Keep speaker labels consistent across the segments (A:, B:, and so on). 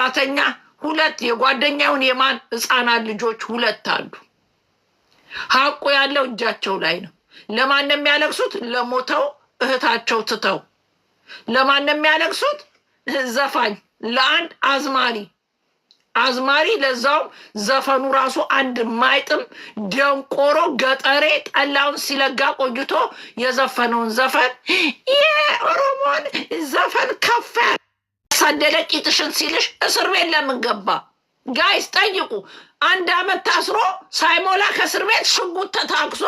A: ሰራተኛ ሁለት የጓደኛውን የማን ህፃናት ልጆች ሁለት አሉ። ሀቁ ያለው እጃቸው ላይ ነው። ለማን የሚያለቅሱት? ለሞተው እህታቸው ትተው። ለማን የሚያለቅሱት? ዘፋኝ ለአንድ አዝማሪ አዝማሪ ለዛውም ዘፈኑ ራሱ አንድ ማይጥም ደንቆሮ ገጠሬ ጠላውን ሲለጋ ቆይቶ የዘፈነውን ዘፈን የኦሮሞን ዘፈን ከፍ እየተሳደደ ቂጥሽን ሲልሽ እስር ቤት ለምን ገባ? ጋይስ ጠይቁ። አንድ አመት ታስሮ ሳይሞላ ከእስር ቤት ሽጉጥ ተታክሶ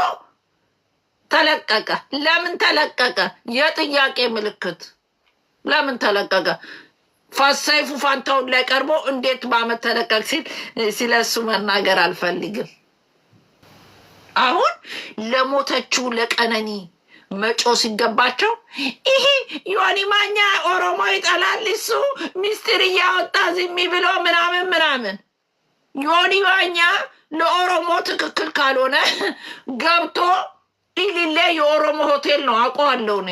A: ተለቀቀ። ለምን ተለቀቀ? የጥያቄ ምልክት። ለምን ተለቀቀ? ሰይፉ ፋንታውን ላይ ቀርቦ እንዴት በአመት ተለቀቅ ሲል ስለ እሱ መናገር አልፈልግም። አሁን ለሞተችው ለቀነኒ መጮ ሲገባቸው ይሄ ዮኒ ማኛ ኦሮሞ ይጠላል፣ እሱ ሚስጢር እያወጣ ዝሚ ብሎ ምናምን ምናምን። ዮኒ ማኛ ለኦሮሞ ትክክል ካልሆነ ገብቶ ኢሊሌ የኦሮሞ ሆቴል ነው አውቀዋለሁ እኔ።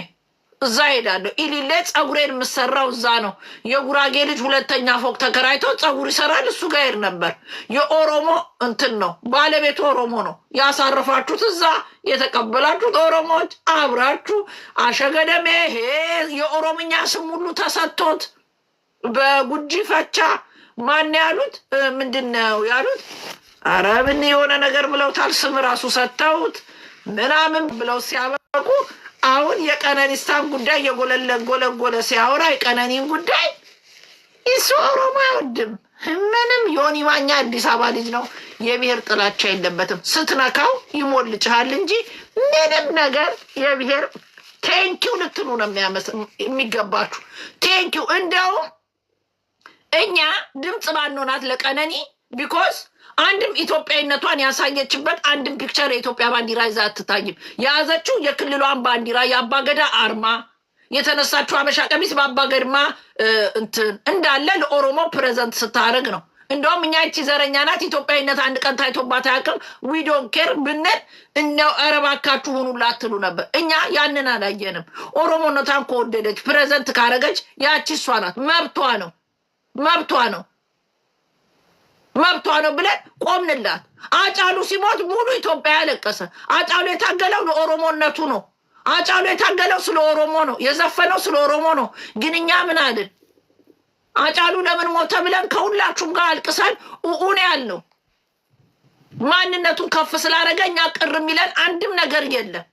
A: እዛ ሄዳለሁ። ኢሊሌ ፀጉሬን የምሰራው እዛ ነው። የጉራጌ ልጅ ሁለተኛ ፎቅ ተከራይቶ ፀጉር ይሰራል። እሱ ጋር ሄድ ነበር። የኦሮሞ እንትን ነው፣ ባለቤቱ ኦሮሞ ነው። ያሳረፋችሁት እዛ የተቀበላችሁት ኦሮሞዎች አብራችሁ አሸገደሜ ሄ የኦሮምኛ ስም ሁሉ ተሰጥቶት በጉጂ ፈቻ ማን ያሉት ምንድን ነው ያሉት? አረ ምን የሆነ ነገር ብለውታል። ስም ራሱ ሰጥተውት ምናምን ብለው ሲያበቁ አሁን የቀነኒስታን ጉዳይ የጎለጎለጎለ ሲያወራ የቀነኒን ጉዳይ እሱ ኦሮሞ አይወድም። ምንም ዮኒ ማኛ አዲስ አበባ ልጅ ነው፣ የብሔር ጥላቻ የለበትም። ስትነካው ይሞልጭሃል እንጂ ምንም ነገር የብሔር ቴንኪው ልትሉ ነው የሚገባችሁ። ቴንኪው እንደውም እኛ ድምፅ ባንሆናት ለቀነኒ ቢኮዝ አንድም ኢትዮጵያዊነቷን ያሳየችበት አንድም ፒክቸር የኢትዮጵያ ባንዲራ ይዛ አትታይም። የያዘችው የክልሏን ባንዲራ፣ የአባገዳ አርማ፣ የተነሳችው አበሻ ቀሚስ በአባገድማ እንትን እንዳለ ለኦሮሞ ፕሬዘንት ስታደርግ ነው። እንደውም እኛ ይቺ ዘረኛ ናት ኢትዮጵያዊነት አንድ ቀን ታይቶባት አያውቅም ዊዶን ኬር ብንል እኛው ኧረ እባካችሁ ሁኑላ ትሉ ነበር። እኛ ያንን አላየንም። ኦሮሞነቷን ከወደደች ፕሬዘንት ካረገች ያቺ እሷ ናት። መብቷ ነው፣ መብቷ ነው። መብቷ ነው ብለን ቆምንላት። አጫሉ ሲሞት ሙሉ ኢትዮጵያ ያለቀሰ። አጫሉ የታገለው ለኦሮሞነቱ ነው። አጫሉ የታገለው ስለ ኦሮሞ ነው። የዘፈነው ስለ ኦሮሞ ነው። ግን እኛ ምን አልን? አጫሉ ለምን ሞተ ብለን ከሁላችሁም ጋር አልቅሰን ኡኡን ያልነው ማንነቱን ከፍ ስላደረገ እኛ ቅር የሚለን አንድም ነገር የለም።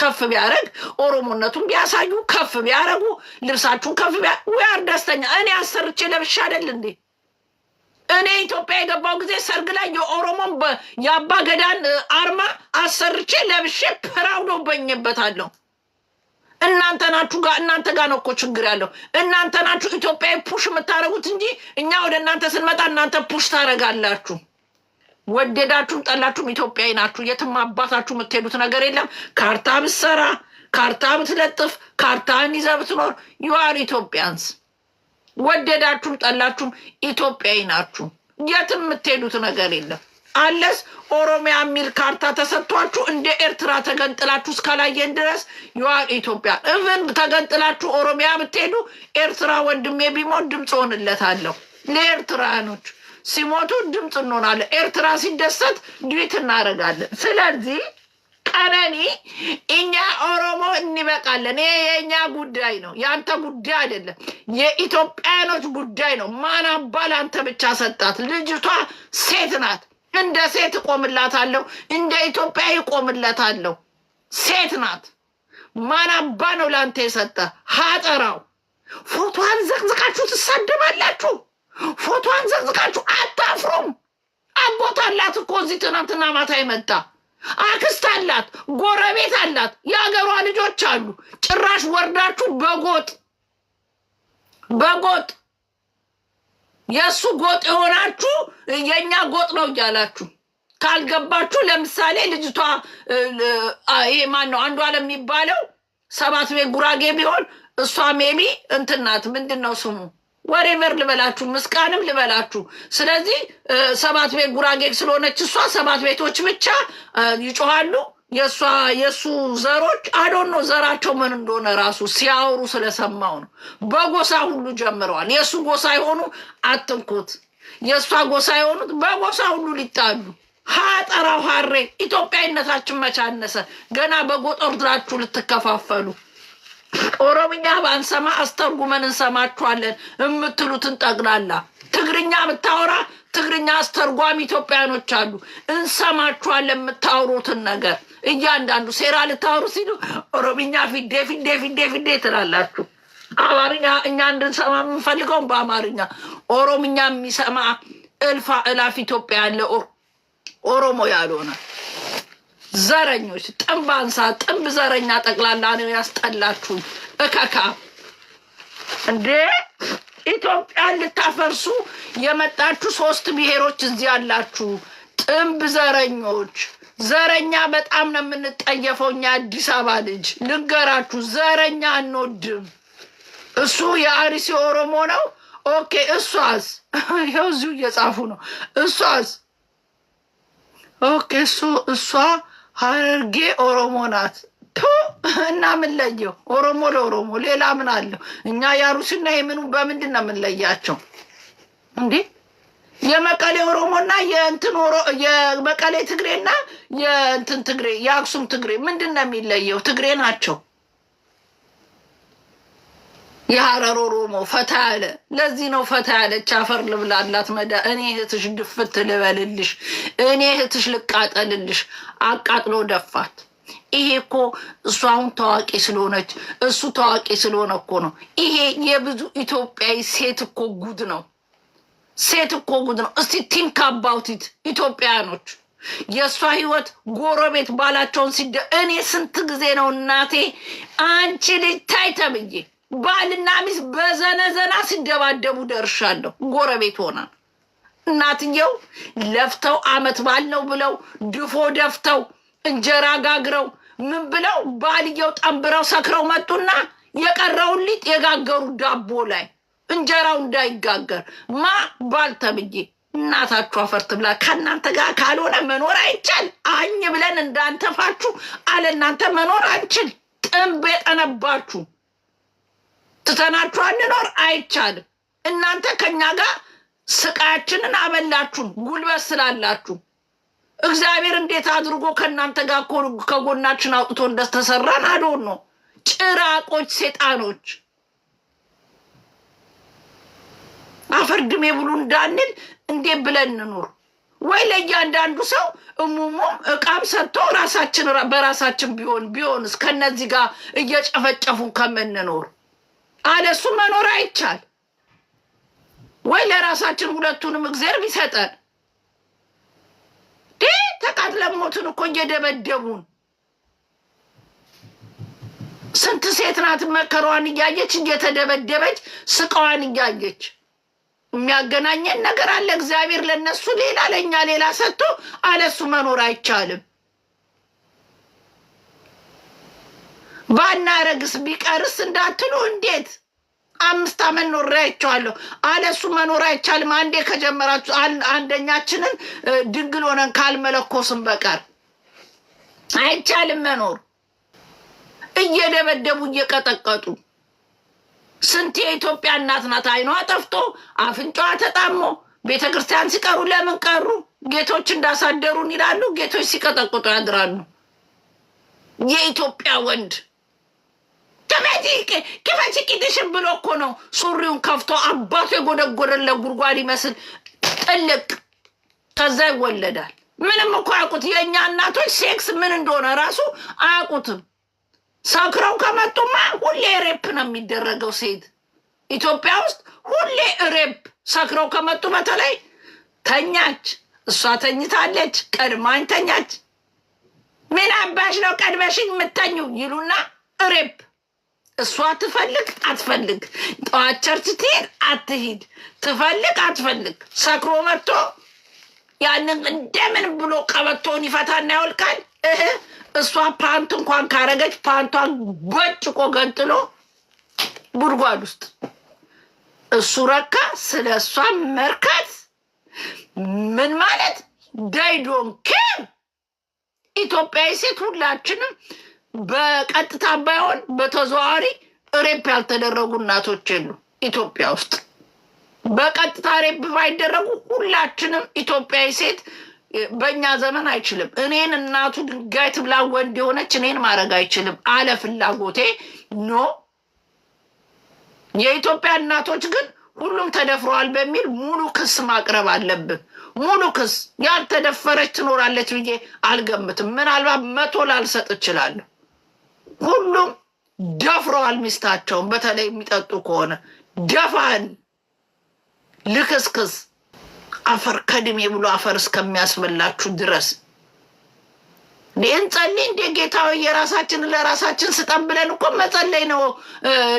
A: ከፍ ቢያደረግ ኦሮሞነቱን ቢያሳዩ ከፍ ቢያደረጉ ልብሳችሁን ከፍ ቢያ ደስተኛ እኔ አሰርቼ ለብሻ አይደል እንዴ? እኔ ኢትዮጵያ የገባው ጊዜ ሰርግ ላይ የኦሮሞን የአባ ገዳን አርማ አሰርቼ ለብሼ ፕራውድ በኝበታለሁ። እናንተ ናችሁ ጋር እናንተ ጋር ነው እኮ ችግር ያለው። እናንተ ናችሁ ኢትዮጵያዊ ፑሽ የምታደርጉት እንጂ እኛ ወደ እናንተ ስንመጣ እናንተ ፑሽ ታደርጋላችሁ። ወደዳችሁም ጠላችሁም ኢትዮጵያዊ ናችሁ። የትም አባታችሁ የምትሄዱት ነገር የለም። ካርታ ብትሰራ፣ ካርታ ብትለጥፍ፣ ካርታን ይዘህ ብትኖር ዩአር ኢትዮጵያንስ ወደዳችሁም ጠላችሁም ኢትዮጵያዊ ናችሁ። የትም የምትሄዱት ነገር የለም። አለስ ኦሮሚያ የሚል ካርታ ተሰጥቷችሁ እንደ ኤርትራ ተገንጥላችሁ እስካላየን ድረስ ዩዋር ኢትዮጵያ እብን ተገንጥላችሁ ኦሮሚያ ብትሄዱ ኤርትራ ወንድሜ ቢሞት ድምፅ ሆንለታለሁ። ለኤርትራኖች ሲሞቱ ድምፅ እንሆናለን። ኤርትራ ሲደሰት ድዊት እናደርጋለን። ስለዚህ ቀነኒ እኛ ኦሮሞ እንበቃለን። ይሄ የእኛ ጉዳይ ነው፣ የአንተ ጉዳይ አይደለም። የኢትዮጵያኖች ጉዳይ ነው። ማን አባ ለአንተ ብቻ ሰጣት? ልጅቷ ሴት ናት። እንደ ሴት እቆምላታለሁ፣ እንደ ኢትዮጵያ እቆምላታለሁ። ሴት ናት። ማን አባ ነው ለአንተ የሰጠ? ሀጠራው ፎቶዋን ዘቅዝቃችሁ ትሳደባላችሁ። ፎቶዋን ዘቅዝቃችሁ አታፍሩም። አቦታላት እኮ እዚህ ትናንትና ማታ ይመጣ አክስት አላት፣ ጎረቤት አላት፣ የሀገሯ ልጆች አሉ። ጭራሽ ወርዳችሁ በጎጥ በጎጥ የእሱ ጎጥ የሆናችሁ የእኛ ጎጥ ነው እያላችሁ ካልገባችሁ፣ ለምሳሌ ልጅቷ ይሄ ማን ነው አንዷ ለሚባለው ሰባት ቤት ጉራጌ ቢሆን እሷ ሜሚ እንትናት ምንድን ነው ስሙ ወሬቨር ልበላችሁ፣ ምስቃንም ልበላችሁ። ስለዚህ ሰባት ቤት ጉራጌ ስለሆነች እሷ ሰባት ቤቶች ብቻ ይጮሃሉ። የእሷ የእሱ ዘሮች አዶኖ ዘራቸው ምን እንደሆነ ራሱ ሲያወሩ ስለሰማው ነው። በጎሳ ሁሉ ጀምረዋል። የእሱ ጎሳ የሆኑ አትንኩት፣ የእሷ ጎሳ የሆኑት በጎሳ ሁሉ ሊጣሉ ሀጠራው ሀሬ ኢትዮጵያዊነታችን መቻነሰ። ገና በጎጠር ድራችሁ ልትከፋፈሉ ኦሮምኛ ባንሰማ አስተርጉመን እንሰማችኋለን የምትሉትን ጠቅላላ ትግርኛ ምታወራ ትግርኛ አስተርጓሚ ኢትዮጵያኖች አሉ። እንሰማችኋለን የምታወሩትን ነገር እያንዳንዱ ሴራ ልታወሩ ሲሉ ኦሮምኛ ፊዴ ፊዴ ፊዴ ፊዴ ትላላችሁ። አማርኛ እኛ እንድንሰማ የምንፈልገውን በአማርኛ ኦሮምኛ የሚሰማ እልፋ እላፍ ኢትዮጵያ ያለ ኦሮሞ ያልሆነ ዘረኞች፣ ጥንብ አንሳ፣ ጥንብ ዘረኛ ጠቅላላ ነው ያስጠላችሁ። እከካ እንዴ ኢትዮጵያን ልታፈርሱ የመጣችሁ ሶስት ብሔሮች እዚህ አላችሁ። ጥንብ ዘረኞች ዘረኛ በጣም ነው የምንጠየፈው። እኛ አዲስ አበባ ልጅ ልንገራችሁ፣ ዘረኛ አንወድም። እሱ የአርሲ ኦሮሞ ነው። ኦኬ፣ እሷስ? ይኸው እዚሁ እየጻፉ ነው። እሷስ? ኦኬ፣ እሱ እሷ ሀረርጌ ኦሮሞ ናት እና ምንለየው? ኦሮሞ ለኦሮሞ ሌላ ምን አለው? እኛ ያሩስና የምኑ በምንድን ነው የምንለያቸው እንዴ? የመቀሌ ኦሮሞና የእንትን የመቀሌ ትግሬና የእንትን ትግሬ የአክሱም ትግሬ ምንድን ነው የሚለየው? ትግሬ ናቸው። የሀረር ሮሞ ፈታ ያለ ለዚህ ነው ፈታ ያለች። አፈር ልብላላት መዳ እኔ እህትሽ ድፍት ልበልልሽ፣ እኔ እህትሽ ልቃጠልልሽ። አቃጥሎ ደፋት። ይሄ እኮ እሱ አሁን ታዋቂ ስለሆነች እሱ ታዋቂ ስለሆነ እኮ ነው። ይሄ የብዙ ኢትዮጵያዊ ሴት እኮ ጉድ ነው። ሴት እኮ ጉድ ነው። እስቲ ቲንክ አባውቲት ኢትዮጵያኖች የእሷ ህይወት ጎረቤት ባላቸውን ሲደ እኔ ስንት ጊዜ ነው እናቴ አንቺ ልጅ ታይተብዬ ባልና ሚስት በዘነዘና ሲደባደቡ ደርሻለሁ። ጎረቤት ሆና እናትየው ለፍተው አመት ባል ነው ብለው ድፎ ደፍተው እንጀራ ጋግረው ምን ብለው ባልየው ጠንብረው ሰክረው መጡና የቀረውን ሊጥ የጋገሩ ዳቦ ላይ እንጀራው እንዳይጋገር ማ ባል ተብዬ እናታችሁ አፈር ትብላ። ከእናንተ ጋር ካልሆነ መኖር አይቻል። አኝ ብለን እንዳንተፋችሁ አለ እናንተ መኖር አንችል። ጥንብ የጠነባችሁ ትተናችሁ አንኖር አይቻልም። እናንተ ከኛ ጋር ስቃያችንን አበላችሁን ጉልበት ስላላችሁ። እግዚአብሔር እንዴት አድርጎ ከእናንተ ጋር ከጎናችን አውጥቶ እንደተሰራን አዶን ነው። ጭራቆች፣ ሴጣኖች አፈርድሜ ብሉ እንዳንል እንዴት ብለን እንኑር? ወይ ለእያንዳንዱ ሰው እሙሙም እቃም ሰጥቶ ራሳችን በራሳችን ቢሆን ቢሆንስ ከነዚህ ጋር እየጨፈጨፉ ከምንኖር አለሱ መኖር አይቻል ወይ? ለራሳችን ሁለቱንም እግዚአብሔር ይሰጠን ተቃጥለን ሞትን እኮ እየደበደቡን ስንት ሴት ናት መከረዋን እያየች እየተደበደበች ስቃዋን እያየች። የሚያገናኘን ነገር አለ እግዚአብሔር ለእነሱ ሌላ ለእኛ ሌላ ሰጥቶ አለሱ መኖር አይቻልም። ባናረግስ ቢቀርስ እንዳትሉ እንዴት አምስት ዓመት ኖሬያቸዋለሁ። አለሱ መኖር አይቻልም። አንዴ ከጀመራችሁ አንደኛችንን ድንግል ሆነን ካልመለኮስም በቀር አይቻልም መኖር። እየደበደቡ እየቀጠቀጡ ስንት የኢትዮጵያ እናት ናት አይኗ ጠፍቶ አፍንጫዋ ተጣሞ ቤተ ክርስቲያን ሲቀሩ ለምን ቀሩ ጌቶች እንዳሳደሩን ይላሉ። ጌቶች ሲቀጠቅጡ ያድራሉ። የኢትዮጵያ ወንድ ቅመዲ ቅፈች ቂጥሽን ብሎ እኮ ነው ሱሪውን ከፍቶ አባቱ የጎደጎደለት ጉድጓድ ይመስል ጥልቅ ከዛ ይወለዳል። ምንም እኮ አያውቁት። የእኛ እናቶች ሴክስ ምን እንደሆነ ራሱ አያውቁትም። ሰክረው ከመጡማ ሁሌ ሬፕ ነው የሚደረገው። ሴት ኢትዮጵያ ውስጥ ሁሌ ሬፕ፣ ሰክረው ከመጡ በተለይ ተኛች፣ እሷ ተኝታለች፣ ቀድማኝ ተኛች፣ ምን አባሽ ነው ቀድመሽኝ የምተኙ ይሉና ሬፕ እሷ ትፈልግ አትፈልግ፣ ጠዋት ቸርች ትሄድ አትሂድ፣ ትፈልግ አትፈልግ፣ ሰክሮ መጥቶ ያንን እንደምን ብሎ ቀበቶውን ይፈታና ያወልቃል። እሷ ፓንት እንኳን ካረገች ፓንቷን ጎጭቆ ገንጥሎ ጉድጓድ ውስጥ እሱ ረካ። ስለ እሷ መርካት ምን ማለት ዳይዶን ኬር ኢትዮጵያዊ ሴት ሁላችንም በቀጥታ ባይሆን በተዘዋዋሪ ሬፕ ያልተደረጉ እናቶች የሉ ኢትዮጵያ ውስጥ። በቀጥታ ሬፕ ባይደረጉ ሁላችንም ኢትዮጵያዊ ሴት በእኛ ዘመን አይችልም። እኔን እናቱ ድንጋይ ትብላ ወንድ የሆነች እኔን ማድረግ አይችልም አለ ፍላጎቴ ኖ። የኢትዮጵያ እናቶች ግን ሁሉም ተደፍረዋል በሚል ሙሉ ክስ ማቅረብ አለብን። ሙሉ ክስ ያልተደፈረች ትኖራለች ብዬ አልገምትም። ምናልባት መቶ ላልሰጥ እችላለሁ። ሁሉም ደፍረዋል። ሚስታቸውን በተለይ የሚጠጡ ከሆነ ደፋን ልክስክስ አፈር ከድሜ ብሎ አፈር እስከሚያስበላችሁ ድረስ እንጸልይ እንዴ ጌታዊ፣ የራሳችን ለራሳችን ስጠን ብለን እኮ መጸለይ ነው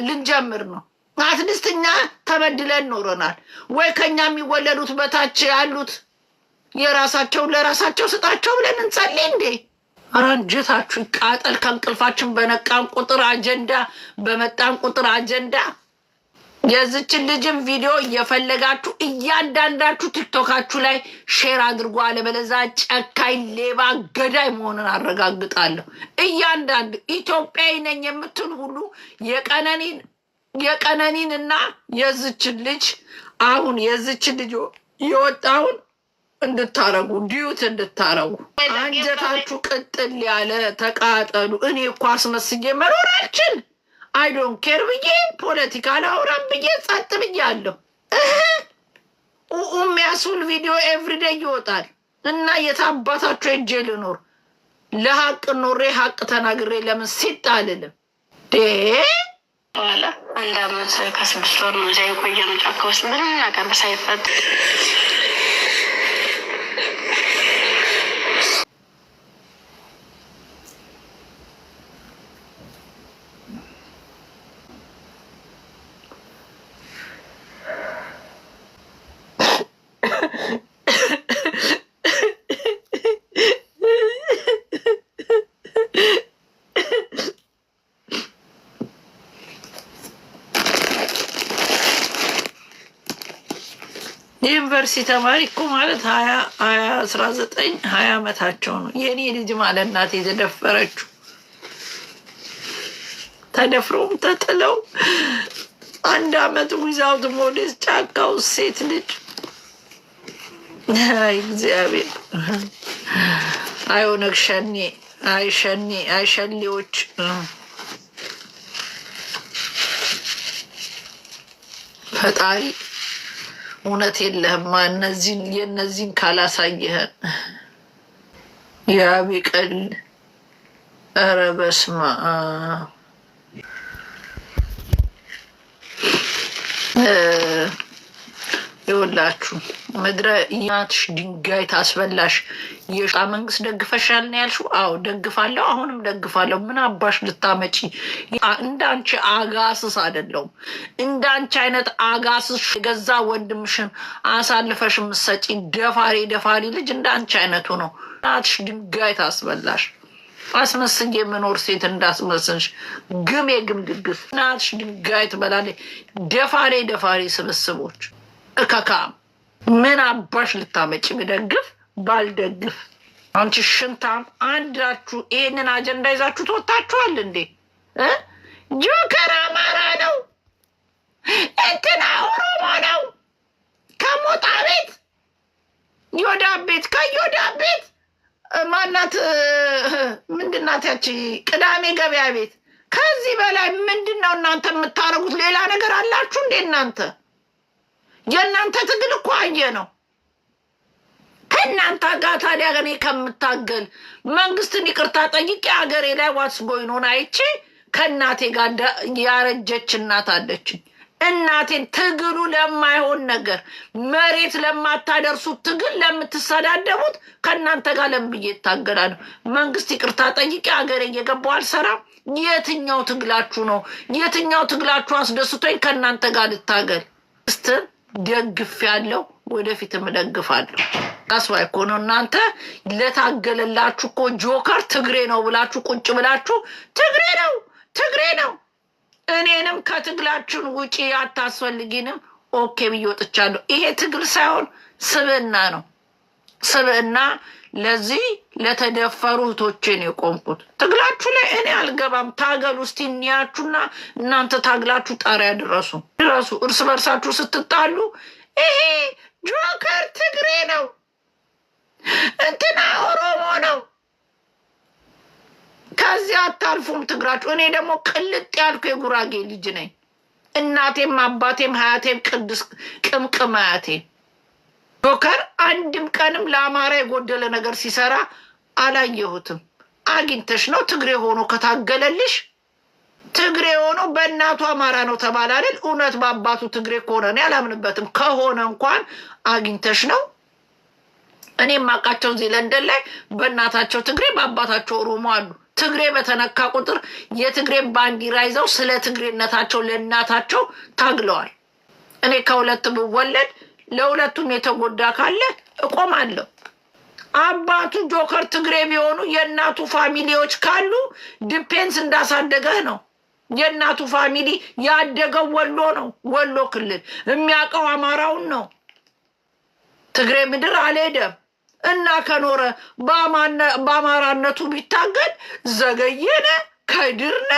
A: ልንጀምር ነው። አትሊስት እኛ ተበድለን ኖረናል ወይ ከኛ የሚወለዱት በታች ያሉት የራሳቸውን ለራሳቸው ስጣቸው ብለን እንጸልይ እንዴ። አራንጀታችሁ ቃጠል። ከእንቅልፋችን በነቃን ቁጥር አጀንዳ በመጣን ቁጥር አጀንዳ የዝችን ልጅም ቪዲዮ እየፈለጋችሁ እያንዳንዳችሁ ቲክቶካችሁ ላይ ሼር አድርጎ፣ አለበለዛ ጨካኝ ሌባ ገዳይ መሆኑን አረጋግጣለሁ። እያንዳንዱ ኢትዮጵያዊ ነኝ የምትል ሁሉ የቀነኒን የቀነኒን እና የዝችን ልጅ አሁን የዝችን ልጅ የወጣውን እንድታረጉ ዲዩት እንድታረጉ አንጀታችሁ ቅጥል ያለ ተቃጠሉ። እኔ እኮ አስመስዬ መኖራችን አይዶን ኬር ብዬ ፖለቲካ ላውራም ብዬ ጸጥ ብያለሁ። የሚያስብል ቪዲዮ ኤቭሪዴይ ይወጣል እና የታባታቸው እጄ ልኖር ለሀቅ ኖሬ ሀቅ ተናግሬ ለምን ሲጥ አልልም?
B: በኋላ አንድ አመት ከስድስት ወር ነው እዚያ የቆየ ነው ጫካ ውስጥ ምንም ነገር ሳይፈጥ ዩኒቨርሲቲ ተማሪ እኮ ማለት ሀያ ሀያ አስራ ዘጠኝ ሀያ ዓመታቸው ነው። የእኔ ልጅ ማለት እናቴ የተደፈረችው ተደፍረውም ተጥለው አንድ አመት ዊዛውት ሞዴስ ጫካው ሴት ልጅ እግዚአብሔር አይሆነግ ሸኔ አይሸኔ አይሸሌዎች ፈጣሪ እውነት የለህማ። እነዚህን የእነዚህን ካላሳየህን የአብ ቀል ኧረ በስመ አብ ይወላችሁ ምድረ እናትሽ ድንጋይ ታስበላሽ። የሻ መንግስት ደግፈሻል ነው ያልሽው? አዎ ደግፋለሁ፣ አሁንም ደግፋለሁ። ምን አባሽ ልታመጪ? እንዳንቺ አጋስስ አይደለሁም። እንዳንቺ አይነት አጋስስ የገዛ ወንድምሽን አሳልፈሽ ምሰጪ ደፋሪ ደፋሪ ልጅ እንዳንቺ አይነቱ ነው። እናትሽ ድንጋይ ታስበላሽ። አስመስዬ የምኖር ሴት እንዳስመስንሽ ግም የግም ድግስ እናትሽ ድንጋይ ትበላለች። ደፋሬ ደፋሬ ስብስቦች እከካ ምን አባሽ ልታመጪ ብደግፍ ባልደግፍ አንቺ ሽንታም አንዳችሁ ይህንን አጀንዳ ይዛችሁ ትወታችኋል እንዴ? ጆከር አማራ ነው፣ እንትና ኦሮሞ ነው። ከሞጣ ቤት ዮዳ ቤት ከዮዳ ቤት ማናት ምንድናት ያቺ ቅዳሜ ገበያ ቤት። ከዚህ በላይ ምንድን ነው እናንተ የምታደርጉት? ሌላ ነገር አላችሁ እንዴ እናንተ? የእናንተ ትግል እኮ አየ ነው። ከእናንተ ጋር ታዲያ እኔ ከምታገል መንግስትን ይቅርታ ጠይቄ ሀገሬ ላይ ዋስ ጎይኖን አይቼ ከእናቴ ጋር ያረጀች እናት አለችኝ። እናቴን ትግሉ ለማይሆን ነገር መሬት ለማታደርሱት ትግል ለምትሰዳደቡት ከእናንተ ጋር ለምብዬ እታገላለሁ። መንግስት ይቅርታ ጠይቄ ሀገሬ እየገባሁ አልሰራም። የትኛው ትግላችሁ ነው? የትኛው ትግላችሁ አስደስቶኝ ከእናንተ ጋር ልታገል ስትል ደግፍ ያለው ወደፊትም እደግፋለሁ። አስባይ እኮ ነው እናንተ ለታገለላችሁ እኮ ጆከር ትግሬ ነው ብላችሁ ቁጭ ብላችሁ ትግሬ ነው ትግሬ ነው እኔንም ከትግላችን ውጪ አታስፈልጊንም ኦኬ ብዬ ወጥቻለሁ። ይሄ ትግል ሳይሆን ስብዕና ነው ስብዕና ለዚህ ለተደፈሩ እህቶቼን የቆምኩት ትግላችሁ ላይ እኔ አልገባም። ታገሉ እስቲ እንያችሁና እናንተ ታግላችሁ ጣሪያ ድረሱ ድረሱ። እርስ በርሳችሁ ስትጣሉ ይሄ ጆከር ትግሬ ነው፣ እንትና ኦሮሞ ነው፣ ከዚህ አታልፉም ትግራችሁ። እኔ ደግሞ ቅልጥ ያልኩ የጉራጌ ልጅ ነኝ። እናቴም አባቴም ሀያቴም ቅድስ ቅምቅም አያቴ ጆከር አንድም ቀንም ለአማራ የጎደለ ነገር ሲሰራ አላየሁትም። አግኝተሽ ነው ትግሬ ሆኖ ከታገለልሽ ትግሬ ሆኖ በእናቱ አማራ ነው ተባለ አይደል? እውነት በአባቱ ትግሬ ከሆነ እኔ አላምንበትም። ከሆነ እንኳን አግኝተሽ ነው። እኔ የማውቃቸው እዚህ ለንደን ላይ በእናታቸው ትግሬ በአባታቸው ኦሮሞ አሉ። ትግሬ በተነካ ቁጥር የትግሬ ባንዲራ ይዘው ስለ ትግሬነታቸው ለእናታቸው ታግለዋል። እኔ ከሁለት ብወለድ ለሁለቱም የተጎዳ ካለ እቆማለሁ። አባቱ ጆከር ትግሬ ቢሆኑ የእናቱ ፋሚሊዎች ካሉ ዲፔንስ እንዳሳደገህ ነው። የእናቱ ፋሚሊ ያደገው ወሎ ነው፣ ወሎ ክልል የሚያውቀው አማራውን ነው። ትግሬ ምድር አልሄደም እና ከኖረ በአማራነቱ ቢታገድ ዘገየነ ከድርነ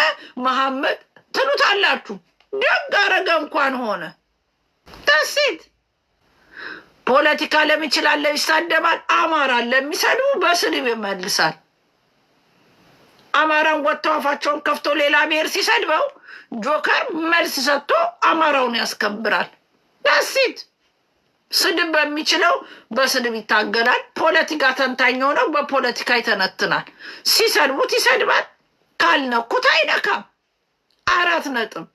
B: መሐመድ ትሉታላችሁ። ደግ አረገ እንኳን ሆነ ደሴት ፖለቲካ ለሚችላለ ይሳደባል። አማራን ለሚሰሉ በስድብ ይመልሳል። አማራን ወጥተው አፋቸውን ከፍቶ ሌላ ብሔር ሲሰድበው ጆከር መልስ ሰጥቶ አማራውን ያስከብራል። ዳሲት ስድብ በሚችለው በስድብ ይታገላል። ፖለቲካ ተንታኝ ሆነው በፖለቲካ ይተነትናል። ሲሰድቡት ይሰድባል፣ ካልነኩት አይነካም። አራት ነጥብ።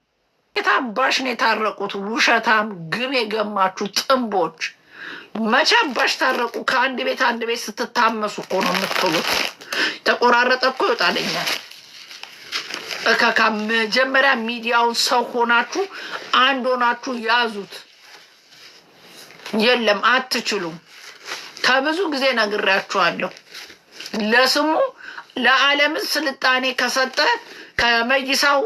B: የታባሽ ነው የታረቁት? ውሸታም ግብ የገማችሁ ጥንቦች መቻባሽ ታረቁ። ከአንድ ቤት አንድ ቤት ስትታመሱ እኮ ነው የምትሉት። ተቆራረጠ እኮ ይወጣለኛል። እከካ መጀመሪያ ሚዲያውን ሰው ሆናችሁ አንድ ሆናችሁ ያዙት። የለም አትችሉም። ከብዙ ጊዜ ነግሬያችኋለሁ። ለስሙ ለዓለምን ስልጣኔ ከሰጠ ከመይሳው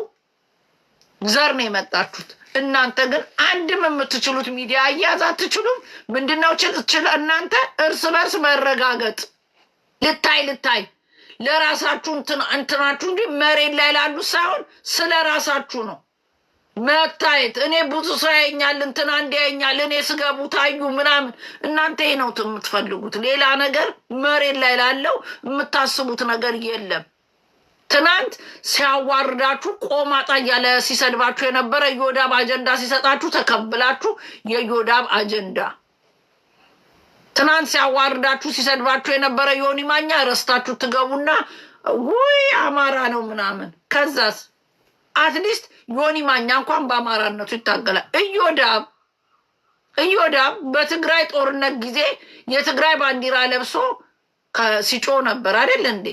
B: ዘር ነው የመጣችሁት። እናንተ ግን አንድም የምትችሉት ሚዲያ አያያዝ አትችሉም። ምንድነው ችል እናንተ እርስ በርስ መረጋገጥ ልታይ ልታይ ለራሳችሁ እንትናችሁ እንጂ መሬት ላይ ላሉ ሳይሆን ስለ ራሳችሁ ነው መታየት። እኔ ብዙ ሰው ያየኛል፣ እንትና እንዲ እንዲያየኛል፣ እኔ ስገቡ ታዩ ምናምን። እናንተ ይህ ነው የምትፈልጉት። ሌላ ነገር መሬት ላይ ላለው የምታስቡት ነገር የለም። ትናንት ሲያዋርዳችሁ ቆማጣ እያለ ሲሰድባችሁ የነበረ ዮዳብ አጀንዳ ሲሰጣችሁ ተከብላችሁ የዮዳብ አጀንዳ ትናንት ሲያዋርዳችሁ ሲሰድባችሁ የነበረ ዮኒ ማኛ ረስታችሁ ትገቡና ውይ አማራ ነው ምናምን። ከዛስ አትሊስት ዮኒ ማኛ እንኳን በአማራነቱ ይታገላል። እዮዳብ እዮዳብ በትግራይ ጦርነት ጊዜ የትግራይ ባንዲራ ለብሶ ሲጮ ነበር አይደል እንዴ?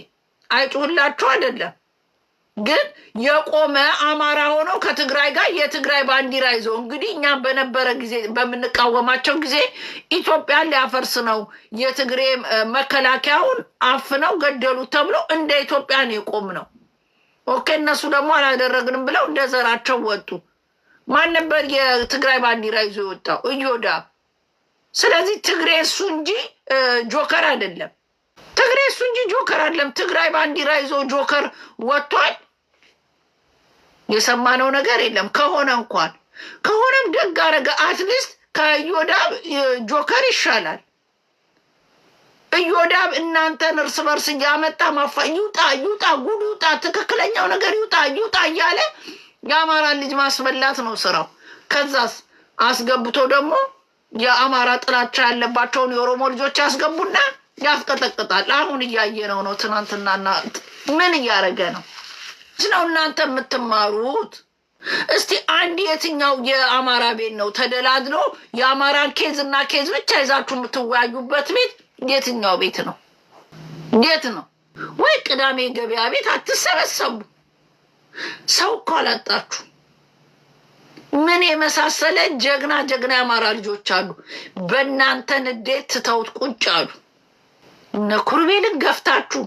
B: አይጩሁላችሁ አይደለም ግን የቆመ አማራ ሆኖ ከትግራይ ጋር የትግራይ ባንዲራ ይዞ እንግዲህ እኛም በነበረ ጊዜ በምንቃወማቸው ጊዜ ኢትዮጵያን ሊያፈርስ ነው የትግሬ መከላከያውን አፍነው ገደሉት ተብሎ እንደ ኢትዮጵያን የቆም ነው። ኦኬ እነሱ ደግሞ አላደረግንም ብለው እንደ ዘራቸው ወጡ። ማን ነበር የትግራይ ባንዲራ ይዞ የወጣው? እዮዳ ስለዚህ ትግሬ እሱ እንጂ ጆከር አይደለም። ትግሬ እሱ እንጂ ጆከር አለም። ትግራይ ባንዲራ ይዞ ጆከር ወጥቷል። የሰማነው ነገር የለም። ከሆነ እንኳን ከሆነም ደግ አረገ። አትሊስት ከዮዳብ ጆከር ይሻላል። እዮዳብ እናንተን እርስ በርስ እያመጣ ማፋ ይውጣ ይውጣ ጉድ ይውጣ ትክክለኛው ነገር ይውጣ ይውጣ እያለ የአማራን ልጅ ማስበላት ነው ስራው። ከዛስ አስገብቶ ደግሞ የአማራ ጥላቻ ያለባቸውን የኦሮሞ ልጆች ያስገቡና ያስቀጠቅጣል። አሁን እያየነው ነው። ትናንትናና ምን እያደረገ ነው ነው እናንተ የምትማሩት? እስቲ አንድ የትኛው የአማራ ቤት ነው ተደላድሎ የአማራን ኬዝ እና ኬዝ ብቻ ይዛችሁ የምትወያዩበት ቤት የትኛው ቤት ነው? የት ነው? ወይ ቅዳሜ ገበያ ቤት አትሰበሰቡ። ሰው እኮ አላጣችሁ። ምን የመሳሰለ ጀግና ጀግና የአማራ ልጆች አሉ። በእናንተ ንዴት ትተውት ቁጭ አሉ። እነ ኩርቤልን ገፍታችሁ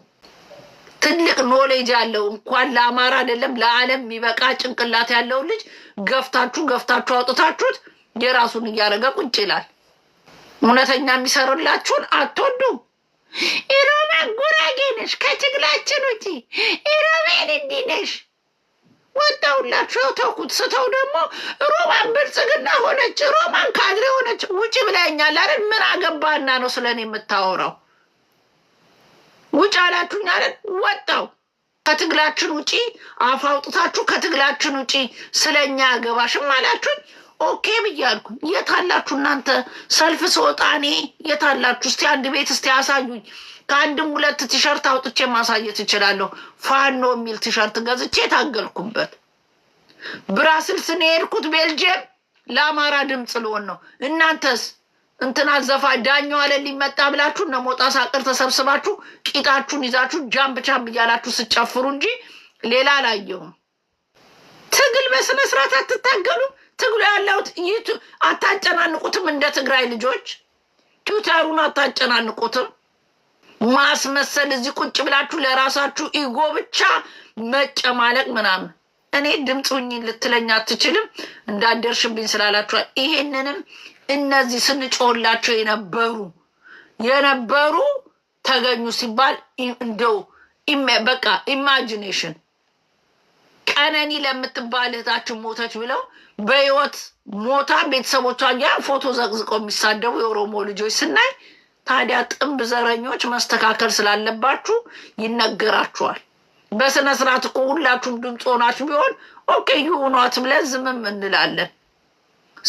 B: ትልቅ ኖሌጅ ያለው እንኳን ለአማራ አይደለም ለዓለም የሚበቃ ጭንቅላት ያለው ልጅ ገፍታችሁ ገፍታችሁ አውጥታችሁት የራሱን እያደረገ ቁጭ ይላል። እውነተኛ የሚሰሩላችሁን አትወዱም። ኢሮሜ ጉራጌ ነሽ፣ ከችግላችን ውጪ ኢሮማን እንዲህ ነሽ ወጣውላችሁ ያው ተውኩት ስተው ደግሞ ሮማን ብልጽግና ሆነች፣ ሮማን ካድሬ ሆነች። ውጭ ብላኛል አይደል? ምን አገባና ነው ስለኔ የምታወራው? ውጭ አላችሁኝ አለን ወጣው። ከትግላችን ውጪ አፍ አውጥታችሁ ከትግላችን ውጪ ስለኛ ገባሽም አላችሁኝ። ኦኬ ብያልኩ። የታላችሁ እናንተ ሰልፍ ስወጣ እኔ የታላችሁ? እስቲ አንድ ቤት እስቲ አሳዩኝ። ከአንድም ሁለት ቲሸርት አውጥቼ ማሳየት እችላለሁ። ፋኖ የሚል ቲሸርት ገዝቼ ታገልኩበት። ብራስልስ ነው የሄድኩት፣ ቤልጅየም ለአማራ ድምፅ ልሆን ነው። እናንተስ እንትን አዘፋ ዳኛ አለ ሊመጣ ብላችሁ እነ ሞጣ ሳቅር ተሰብስባችሁ ቂጣችሁን ይዛችሁ ጃምብ ቻምብ እያላችሁ ስጨፍሩ እንጂ ሌላ አላየሁም። ትግል በስነ ስርዓት አትታገሉም። ትግሉ ያለሁት አታጨናንቁትም። እንደ ትግራይ ልጆች ትዊተሩን አታጨናንቁትም። ማስመሰል እዚህ ቁጭ ብላችሁ ለራሳችሁ ኢጎ ብቻ መጨማለቅ ምናምን እኔ ድምፅ ሁኚ ልትለኝ አትችልም። እንዳደርሽብኝ ስላላችኋል ይሄንንም እነዚህ ስንጮላቸው የነበሩ የነበሩ ተገኙ ሲባል እንደው በቃ ኢማጂኔሽን ቀነኒ ለምትባል እህታችን ሞተች ብለው በህይወት ሞታ ቤተሰቦቿ ያን ፎቶ ዘቅዝቀው የሚሳደቡ የኦሮሞ ልጆች ስናይ ታዲያ ጥንብ ዘረኞች መስተካከል ስላለባችሁ ይነገራችኋል። በስነ ስርዓት እኮ ሁላችሁም ድምፅ ሆናችሁ ቢሆን ኦኬ ይሁኗት ብለን ዝምም እንላለን።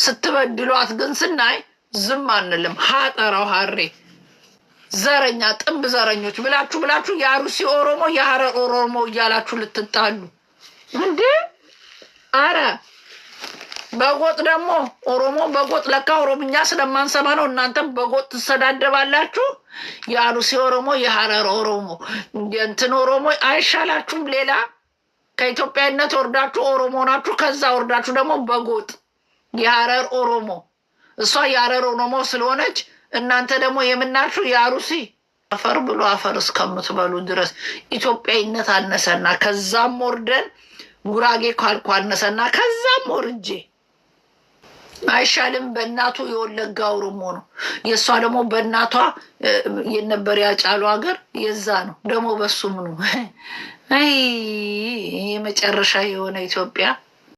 B: ስትበድሏት ግን ስናይ ዝም አንልም። ሀጠራው ሀሬ ዘረኛ ጥንብ ዘረኞች ብላችሁ ብላችሁ የአሩሲ ኦሮሞ የሀረር ኦሮሞ እያላችሁ ልትጣሉ እንዴ? አረ በጎጥ ደግሞ ኦሮሞ በጎጥ ለካ ኦሮምኛ ስለማንሰማ ነው። እናንተም በጎጥ ትሰዳደባላችሁ። የአሩሲ ኦሮሞ የሀረር ኦሮሞ እንትን ኦሮሞ አይሻላችሁም? ሌላ ከኢትዮጵያዊነት ወርዳችሁ ኦሮሞ ናችሁ። ከዛ ወርዳችሁ ደግሞ በጎጥ የሀረር ኦሮሞ እሷ የሀረር ኦሮሞ ስለሆነች እናንተ ደግሞ የምናችሁ የአሩሲ አፈር ብሎ አፈር እስከምትበሉ ድረስ ኢትዮጵያዊነት አነሰና ከዛም ወርደን ጉራጌ ካልኩ አነሰና ከዛም ወርጄ አይሻልም። በእናቱ የወለጋ ኦሮሞ ነው። የእሷ ደግሞ በእናቷ የነበር ያጫሉ ሀገር የዛ ነው ደግሞ በሱም ነው የመጨረሻ የሆነ ኢትዮጵያ